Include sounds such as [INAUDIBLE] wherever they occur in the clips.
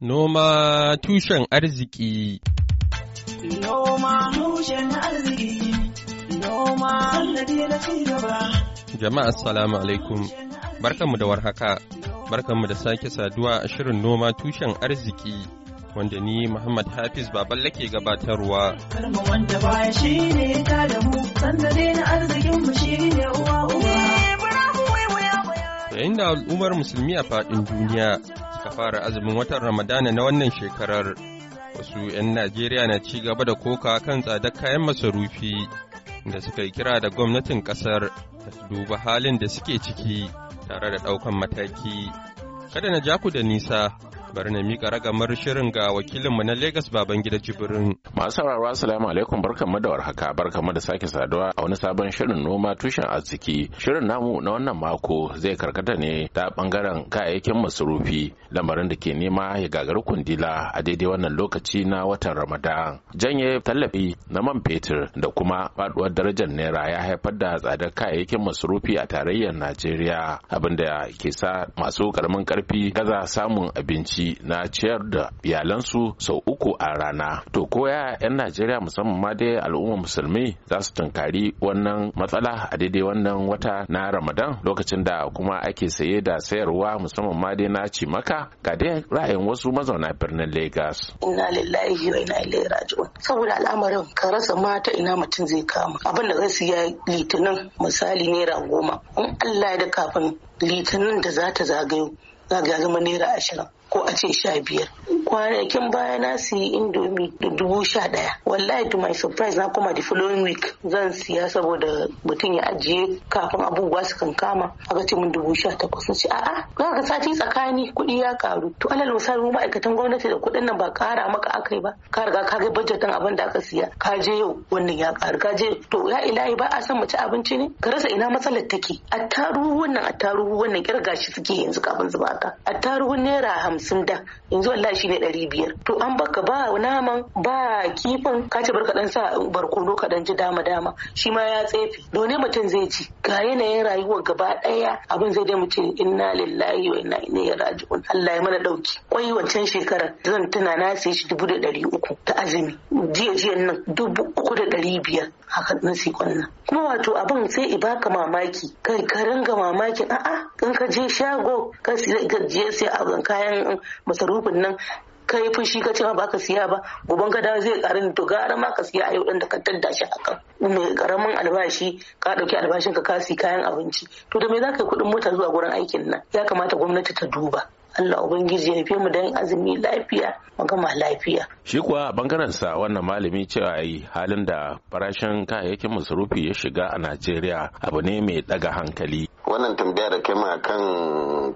Noma tushen arziki Noma tushen arziki Noma Jama'a assalamu alaikum barkanmu da warhaka barkanmu da sake saduwa a shirin noma tushen arziki wanda ni Muhammad Hafiz baban lake gabatarwa. wanda baya shi ne ta da mu, sanda na arzikin mu shi ne uwa uwa. Eh, Yayin da al'ummar musulmi a faɗin duniya suka fara azumin watan Ramadana na wannan shekarar. Wasu 'yan Najeriya na ci gaba da koka kan tsadar kayan masarufi da suka yi kira da gwamnatin ƙasar da su duba halin da suke ciki tare da ɗaukan mataki. Kada na ja ku da nisa, bari na mika ragamar shirin ga wakilinmu na Legas Babangida Jibrin. Masu sauraro assalamu alaikum barkanmu da warhaka barkanmu da sake saduwa a wani sabon shirin noma tushen arziki. Shirin namu na wannan mako zai karkata ne ta bangaren kayayyakin masarufi lamarin da ke nema ya gagari kundila a daidai wannan lokaci na watan Ramadan. Janye tallafi na man fetur da kuma faduwar darajar naira ya haifar da tsadar kayayyakin masarufi a tarayyar Najeriya abinda ke sa masu karamin karfi gaza samun abinci aiki na ciyar da iyalansu sau uku a rana to koya 'yan najeriya musamman ma dai al'umma musulmi za su tunkari wannan matsala a daidai wannan wata na ramadan lokacin da kuma ake saye da sayarwa musamman ma dai na cimaka ga dai ra'ayin wasu mazauna birnin lagos inna lillahi wa inna ilaihi raji'un saboda al'amarin ka rasa mata ina mutum zai kama abin da zai siya litinin misali naira goma in allah da kafin litinin da za ta zagayo zaga ya zama naira ashirin ko a ce sha biyar kwanakin baya na siyi indomi da dubu sha daya wallahi to my surprise na koma the following week zan siya saboda mutum ya ajiye kafin abubuwa su kan kama a ga mun dubu sha takwas na ce a'a za ka sati tsakani kuɗi ya karu to alal misali mu ma'aikatan gwamnati da kuɗin nan ba kara maka aka yi ba ka riga ka ga bajetin abin da aka siya ka je yau wannan ya karu ka je to ya ilahi ba a san mu ci abinci ne ka rasa ina matsalar take taruhu wannan a taruhu wannan kirga shi suke yanzu kafin zuba ka taruhu naira hamsin da yanzu Allah shi ne ɗari biyar to an baka ba naman ba kifin ka ci barka ɗan sa barkono ka ɗan ji dama dama shi ma ya tsefe dole mutum zai ci ga yanayin rayuwar gaba ɗaya abin zai dai mutum inna lillahi wa inna ilaihi raji'un Allah ya mana ɗauki kwai wancan shekarar zan tuna na sai shi dubu da ɗari uku ta azumi jiya jiyan nan dubu uku da ɗari biyar haka din sikon nan kuma wato abin sai i baka mamaki kai ka ringa mamakin a'a in ka je shago ka je sai a kayan masarufin nan ka yi fushi ka ce ma baka siya ba goban ka dawo zai karin to gara ma ka siya a yau da ka tadda shi hakan mai karamin albashi ka ɗauki albashin ka kasi kayan abinci to da me zaka yi kuɗin mota zuwa gurin aikin nan ya kamata gwamnati ta duba Allah ubangiji ya fi mu dan azumi lafiya mu gama lafiya shi kuwa a bangaren sa wannan malami cewa yi halin da farashin kayayyakin masarufi ya shiga a Najeriya abu ne mai daga hankali wannan tambaya da kai ma kan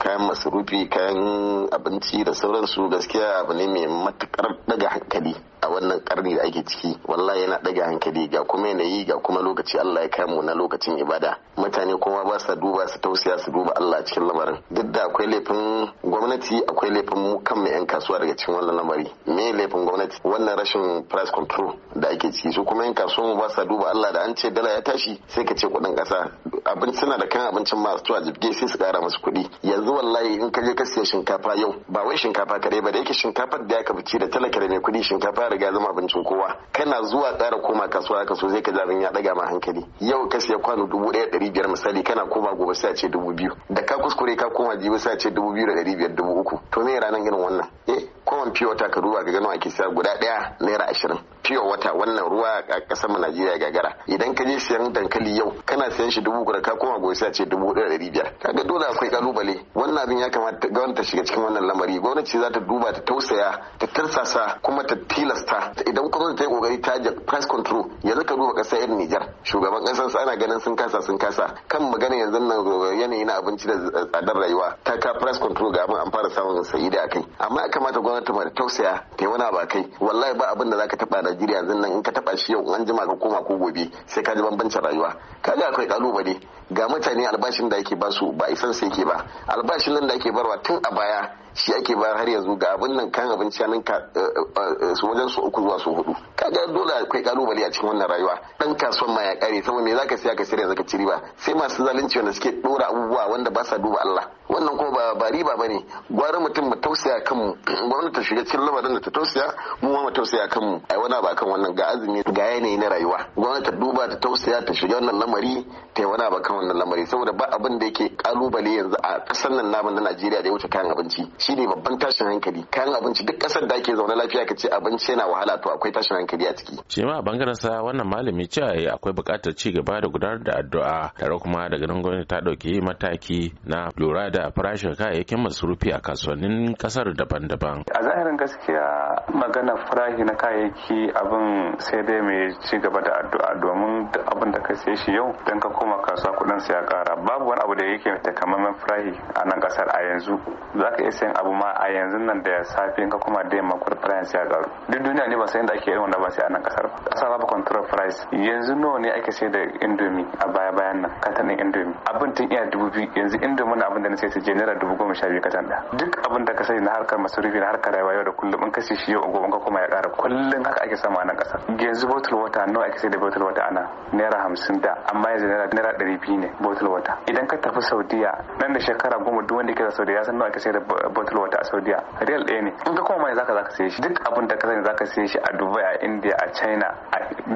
kayan masarufi kayan abinci da sauransu gaskiya abu ne mai matukar daga hankali wannan karni da ake ciki wallahi yana daga hankali ga kuma yanayi ga kuma lokaci Allah ya kai mu na lokacin ibada mutane kuma ba su duba su tausaya su duba Allah cikin lamarin duk da akwai laifin gwamnati akwai laifin mu kan yan kasuwa daga cikin wannan lamari me laifin gwamnati wannan rashin price control da ake ciki su kuma yan kasuwa mu ba su duba Allah da an ce dala ya tashi sai ka ce kudin kasa abin suna da kan abincin masu tuwa jibge sai su kara masu kuɗi yanzu wallahi in ka je ka siya shinkafa yau ba wai shinkafa kare ba da yake shinkafar da ya ka ci da talaka da mai kuɗi shinkafa riga zama abincin kowa kana zuwa tsara koma kasuwa ka so zai ka abin ya daga ma hankali yau ka siya kwano dubu ɗaya ɗari biyar misali kana koma gobe sai a ce dubu biyu da ka kuskure ka koma jibi sai a ce dubu biyu da ɗari biyar dubu uku to me ranar irin wannan eh kowane fiye wata ka duba ga gano ake siya guda ɗaya naira ashirin pure wata wannan ruwa a kasar Najeriya gagara idan ka je siyan dankali yau kana siyan shi dubu guda ka koma gobe sai ce dubu ɗari biyar kaga dole akwai kalubale wannan abin ya kamata gwamnati shiga cikin wannan lamari gwamnati za ta duba ta tausaya ta tarsasa kuma ta tilasta idan gwamnati ta yi kokari ta je price control yanzu ka duba kasar yan Nijar shugaban kasar ana ganin sun kasa sun kasa kan magana yanzu nan yanayi na abinci da tsadar rayuwa ta ka price control ga abin an fara samun sayi da kai amma ya kamata gwamnati ta tausaya ta yi wani abakai wallahi ba abin da zaka taba da Najeriya yanzu nan in ka taba shi yau an jima ka koma ko gobe sai ka ji bambancin rayuwa kaga akwai kalubale ga mutane albashin da ake basu ba isan sai yake ba albashin nan da ake barwa tun a baya shi ake ba har yanzu ga abin nan kan abinci nan ka eh, eh, eh, su wajen su uku zuwa su hudu kaga dole akwai kalubale a cikin wannan rayuwa dan kasuwan ma ya kare saboda me zaka siya ka sirri zaka ciri ba sai masu zalunci wanda suke dora abubuwa wanda ba sa duba Allah wannan ko ba ba riba bane gwara mutum mu tausaya kanmu [CLEARS THROAT] gwamnati ta shiga cikin lamarin da ta tausaya mu ma mu tausaya kanmu ai wani ba kan wannan ga azumi ga yanayi na rayuwa gwamnati ta duba ta tausaya ta shiga wannan lamari ta yi wani ba kan wannan lamari saboda ba abin da yake kalubale yanzu a kasar nan namu na Najeriya da wuce kayan abinci shine babban tashin hankali kayan abinci duk kasar da ake zaune lafiya ka ce abinci yana wahala to akwai tashin hankali a ciki shi ma a bangaren sa wannan malami cewa akwai bukatar ci gaba da gudanar da addu'a tare kuma da ganin gwamnati ta dauki mataki na lura da farashin kayayyakin masarufi a kasuwannin kasar daban-daban. A zahirin gaskiya magana farashi na kayayyaki abin sai dai mai ci gaba da addu'a domin abin da ka sai shi yau don ka koma kasuwa kudin sai ya kara babu wani abu da yake takamaiman farashi a nan kasar a yanzu za ka iya sayan abu ma a yanzu nan da ya safe ka koma da yamma kudin sai ya karu duk duniya ne ba sai da ake irin wanda ba sai a nan kasar ba kasa babu control price yanzu nawa ne ake sai da indomi a baya bayan nan katanin indomi abin tun iya dubu biyu yanzu indomi na abin da na sai su je naira dubu goma sha biyu katan da duk abin da ka sani na harkar masarufi na harkar rayuwa yau da kullum in ka sai shi yau gobe ka kuma ya ƙara kullum haka ake samu a nan ƙasa yanzu bottle water nawa ake sai da bottle water ana naira hamsin da amma yanzu naira naira ɗari biyu ne bottle water idan ka tafi saudiya nan da shekara goma duk wanda ke da saudiya san nawa ake sai da bottle water a saudiya real ɗaya ne in ka koma mai zaka zaka sai shi duk abin da ka sani zaka sai shi a dubai a india a china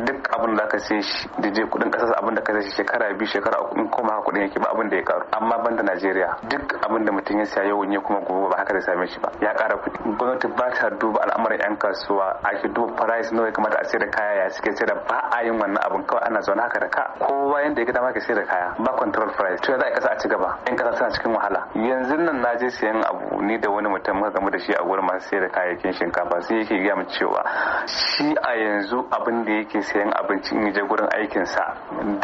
duk abin da zaka sai shi da je kuɗin ƙasa abin da ka sai shi shekara biyu shekara uku in koma haka kuɗin yake ba abin da ya karu amma banda najeriya duk duk abin da mutum ya saya yau ne kuma gobe ba haka da same shi ba ya kara kuɗi gwamnati ba ta duba al'amarin yan kasuwa a ke duba price nawa ya kamata a sayar da kaya ya suke sayar da ba a yin wannan abin kawai ana zaune haka da ka kowa yanda ya ga ma ka sayar da kaya ba control price to za a kasa a ci gaba yan kasa suna cikin wahala yanzu nan na je sayan abu ni da wani mutum muka gamu da shi a gurin masu sayar da kayayyakin shinkafa sai yake gaya mu cewa shi a yanzu abin da yake sayan abincin ya je gurin aikinsa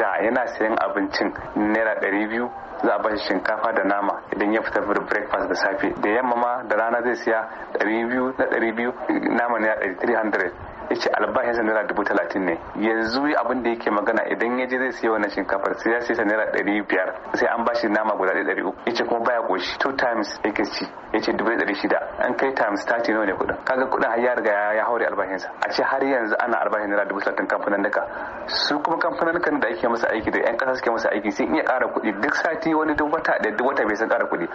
da yana sayan abincin naira ɗari biyu za a bashi shinkafa da nama idan ya fita da breakfast da safe da yamma ma da rana zai siya 200 biyu na 200 biyu nama ne a 300 ya ce albashinsa naira dubu talatin ne yanzu abin da yake magana idan ya je zai siya wannan shinkafar sai ya siya ta naira ɗari biyar sai an bashi nama guda ɗaya ɗari uku ya ce kuma baya goshi two times yake ci ya ce dubu ɗari shida an kai times thirty nawa ne kuɗin kaga kuɗin har ya riga ya haure albashinsa a ce har yanzu ana albashin naira dubu talatin kamfanin duka su kuma kamfanin da ake masa aiki da 'yan ƙasa suke masa aiki sun iya ƙara kuɗi duk sati wani duk wata da duk wata bai san ƙara kuɗi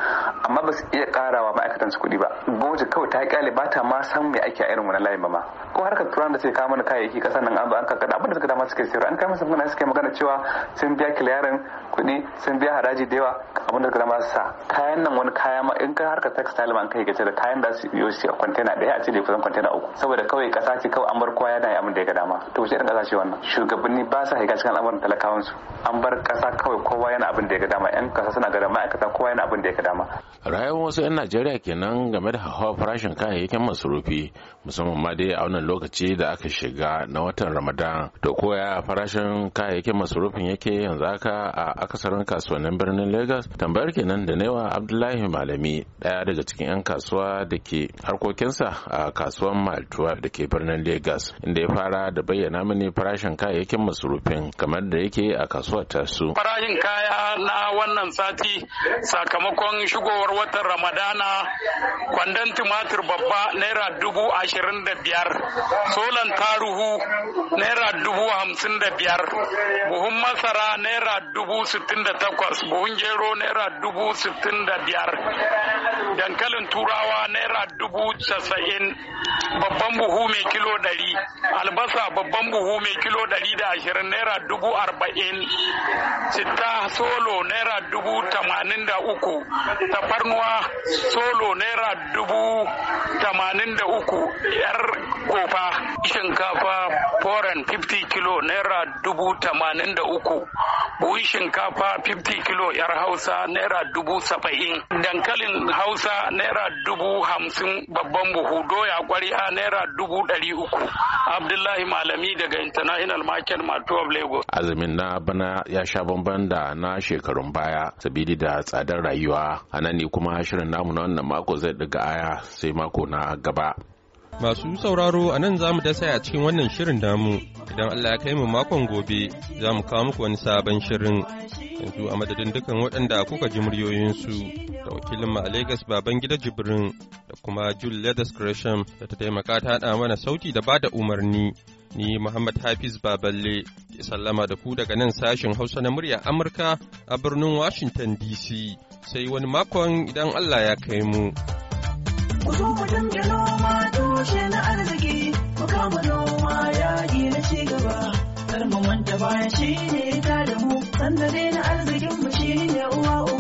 amma ba su iya ƙarawa ma'aikatan su kuɗi ba gwamnati kawai ta ƙyale ba ta ma san me ake a irin wannan layin ba ma ko harkar sauran da suke kawo mana kayayyaki kasar nan an ba an kakkada abinda suka dama suke sayarwa an kai masa magana suke magana cewa sun biya kiliyarin kuɗi sun biya haraji da yawa abinda suka dama sa kayan nan wani kaya ma in ka harkar textile ma an kai gace da kayan da su biyo shi a kwantena ɗaya a cire kusan kwantena uku saboda kawai ƙasa ce kawai an bar kowa yana yi abinda ya ga dama to wace irin ƙasa ce wannan shugabanni ba sa shiga cikin al'amuran talakawan su an bar ƙasa kawai kowa yana abinda ya ga dama yan ƙasa suna ga dama ma'aikata kowa yana abinda ya ga dama rayuwar wasu yan Najeriya kenan game da hawa farashin kayayyakin masarufi musamman ma dai a wannan lokaci da aka shiga na watan Ramadan to koya farashin kayayyakin masarufin yake yanzu haka a akasarin kasuwannin birnin Lagos tambayar kenan da newa Abdullahi Malami daya daga cikin 'yan kasuwa da ke harkokinsa a kasuwan Maltuwa da ke birnin Lagos inda ya fara da bayyana mini farashin kayayyakin masarufin kamar da yake a kasuwar tasu. Farashin kaya na wannan sati sakamakon shigowar watan Ramadana kwandon tumatir babba naira dubu ashirin da biyar so dolan taruhu naira dubu hamsin da biyar buhun masara naira dubu sittin da takwas buhun gero naira dubu sittin da biyar dankalin turawa naira dubu casa'in babban buhu mai kilo ɗari albasa babban buhu mai kilo ɗari da ashirin naira dubu arba'in citta solo naira dubu tamanin da uku tafarnuwa solo naira dubu tamanin da uku yar kofa shinkafa koren 50 kilo naira dubu tamanin da uku buhun shinkafa 50 kilo yar hausa naira dubu saba'in dankalin hausa naira dubu hamsin babban buhu doya kwari'a naira dubu dari uku abdullahi malami daga international market matuwa lagos azumin na bana ya sha bamban da na shekarun baya sabili da tsadar rayuwa a nan ne kuma shirin namu na wannan mako zai daga aya sai mako na gaba Masu sauraro a nan za mu dasa a cikin wannan shirin damu idan Allah ya kai mu makon gobe za mu kawo muku wani sabon shirin yanzu a madadin dukan waɗanda kuka ji muryoyinsu da wakilin a Legas baban gida Jibrin da kuma Julia Discretion da ta taimaka ta haɗa mana sauti da bada umarni ni Muhammad Hafiz Baballe ke sallama da ku daga nan sashen Hausa na murya Amurka a birnin Washington DC sai wani makon idan Allah ya kai mu. ku zo mu dinga noma tushe na arziki ku kama noma yaƙi na ci gaba kar mu manta baya ne ta da mu sandare na arzikin mu shine uwa uwa